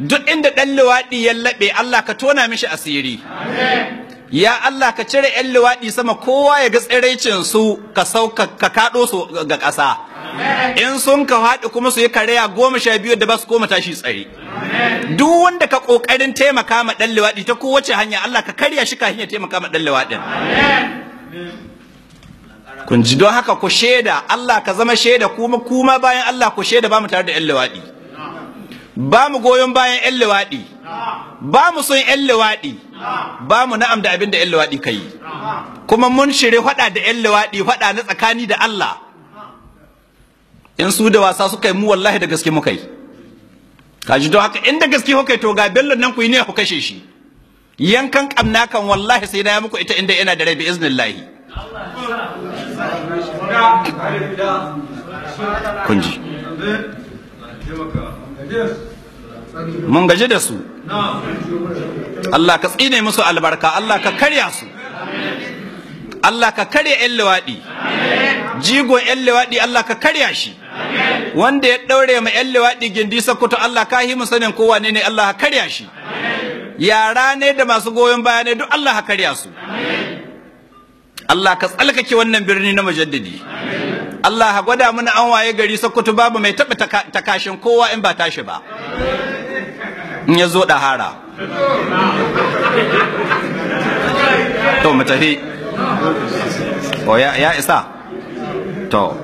duk inda ɗan luwaɗi ya laɓe Allah ka tona mishi asiri ya Allah ka cire 'yan luwaɗi sama kowa ya ga tsiraicin su ka sauka ka kaɗo su ga ƙasa in sun ka haɗu kuma su yi karaya goma sha biyu da ba su koma tashi tsari duk wanda ka ƙoƙarin taimaka ma ɗan luwaɗi ta kowace hanya Allah ka karya shi ka hanya taimaka ma ɗan luwaɗin kun ji don haka ku shaida Allah ka zama shaida kuma kuma bayan Allah ku shaida ba mu tare da 'yan luwaɗi ba mu goyon bayan yan liwaɗi ba mu son yan liwaɗi ba mu na'am da abin da yan liwaɗi ka yi kuma mun shirye faɗa da yan liwaɗi faɗa na tsakani da Allah in su da wasa suka yi mu wallahi da gaske muka yi ji don haka inda gaske kuka to ga bello nan ku yi ne ku kashe shi yankan kamna kan wallahi sai na ya muku ita inda yana da rai bi iznillahi mun gaji da su Allah ka tsine musu albarka Allah ka karya su Allah ka karya 'yan lewaɗi jigon 'yan lewaɗi Allah ka karya shi wanda ya ɗaure ma 'yan lewaɗi gindi sakkwato Allah ka yi sanin kowa ne ne Allah ka karya shi yara ne da masu goyon baya ne duk Allah ka karya su Allah ka tsalkake wannan birni na mujaddidi Allah ha gwada mana an waye gari sakkwato babu mai taɓa takashin kowa in ba tashi ba in ya zo ɗahara to mu tafi o oh, ya isa to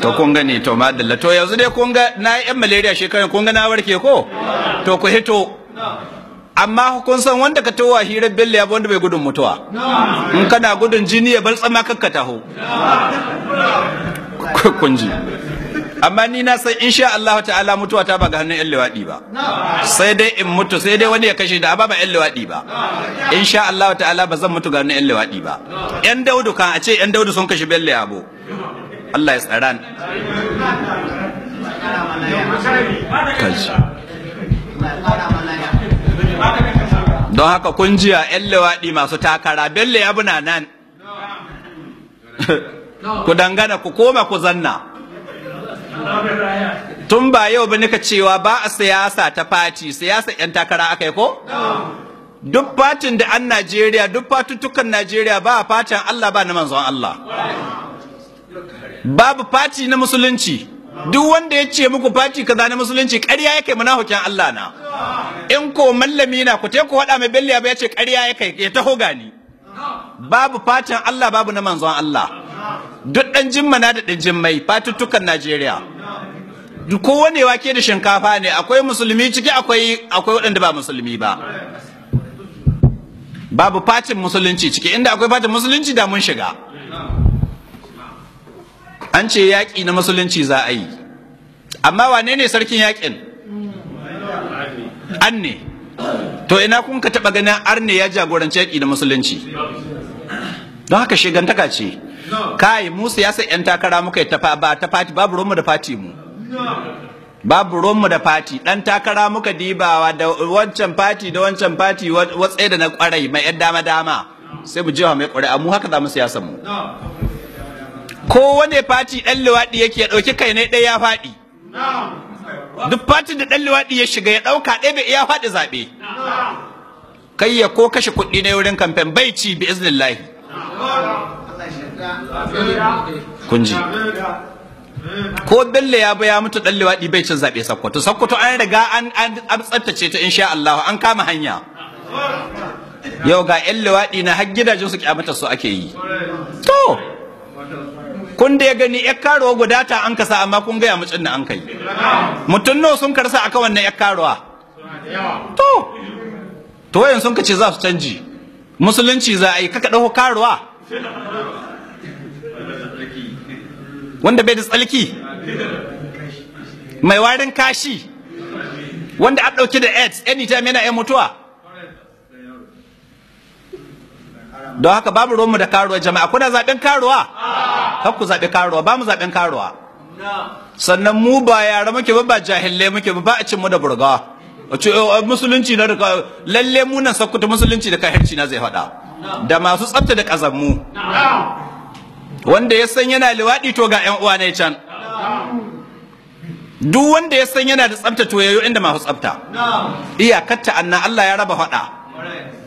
to kun gani to madalla to yanzu dai kun ga na yi yan malaria shekaru kun ga na warke ko to ku hito amma kun san wanda ka towa hirar Bello ya wanda bai gudun mutuwa in kana gudun jini ya bar tsama kakka taho kun ji amma ni na san insha Allah ta'ala mutuwa ta ba ga hannun yan liwaɗi ba sai dai in mutu sai dai wani ya kashe da ba ba yan liwaɗi ba insha Allah ta'ala ba zan mutu ga hannun yan liwaɗi ba yan daudu kan a ce yan daudu sun kashe bello yabo Allah ya tsaran don haka kun jiya yan liwaɗi masu takara bello yabo na nan ku dangana ku koma ku zanna tun ba yau ba nika cewa ba a siyasa ta fati siyasa yan takara aka yi ko duk fatin da an Najeriya duk fatutukan Najeriya ba a fatin Allah ba na manzon Allah babu fati na musulunci duk wanda ya ce muku fati kaza na musulunci ƙarya yake hukin Allah na in ko mallami na ku teku ku mai belliya ba ya ce ƙarya yake ya taho gani babu fatin Allah babu na manzon Allah duk ɗan jimma na da ɗan jimmai fatuttukan Najeriya Ko wane wake da shinkafa ne akwai musulmi ciki akwai akwai waɗanda ba musulmi ba babu fatin musulunci ciki inda akwai fatin musulunci da mun shiga an ce yaƙi na musulunci za a yi amma wane ne sarkin yaƙin an ne to ina kun ka taɓa ganin arne ya jagoranci yaƙi na musulunci don haka shigantaka ce kai mu siyasar 'yan takara muka yi ta ba ta fati babu romu da fati mu babu ruwanmu da fati ɗan takara muka dibawa da wancan fati da wancan fati watsaye da na kwarai mai yan dama dama sai mu jiwa mai ƙwarai amma haka za mu siyasan mu kowane fati ɗan luwaɗi yake ya ɗauki kai ne ɗaya ya faɗi duk fati da ɗan luwaɗi ya shiga ya ɗauka ɗaya bai iya faɗi zaɓe kai ya ko kashe kuɗi ne wurin kamfen bai ci bi iznillahi kunji ko bello ya ba ya mutu dan liwaɗi bai cin zaɓe sakkwato sakkwato an riga an an tsaftace ta insha Allah an kama hanya yau ga yan liwaɗi na har gidajen su kyamata su ake yi to kun da ya gani ya karuwa guda ta an kasa amma kun gaya mucin na an kai mutun nawa sun karsa aka wannan ya karuwa to to yanzu sun kace za su canji musulunci za a yi kaka dauko karuwa wanda bai da tsalki mai warin kashi wanda an ɗauki da aids anytime yana 'yan mutuwa don haka babu romu da karuwa jama'a kuna zaɓen karuwa kar ku zaɓi karuwa ba mu zaɓen karuwa sannan mu ba yara muke ba ba jahille muke ba ba a cin mu da burgawa oh, musulunci na daga lalle munan sakkuta musulunci da kahirci na zai faɗa da masu tsafta da ƙazammu wanda ya san yana liwaɗi to ga 'yan uwa ne can duk wanda ya san yana da tsafta to yayo inda masu tsafta iyakarta anna Allah ya raba faɗa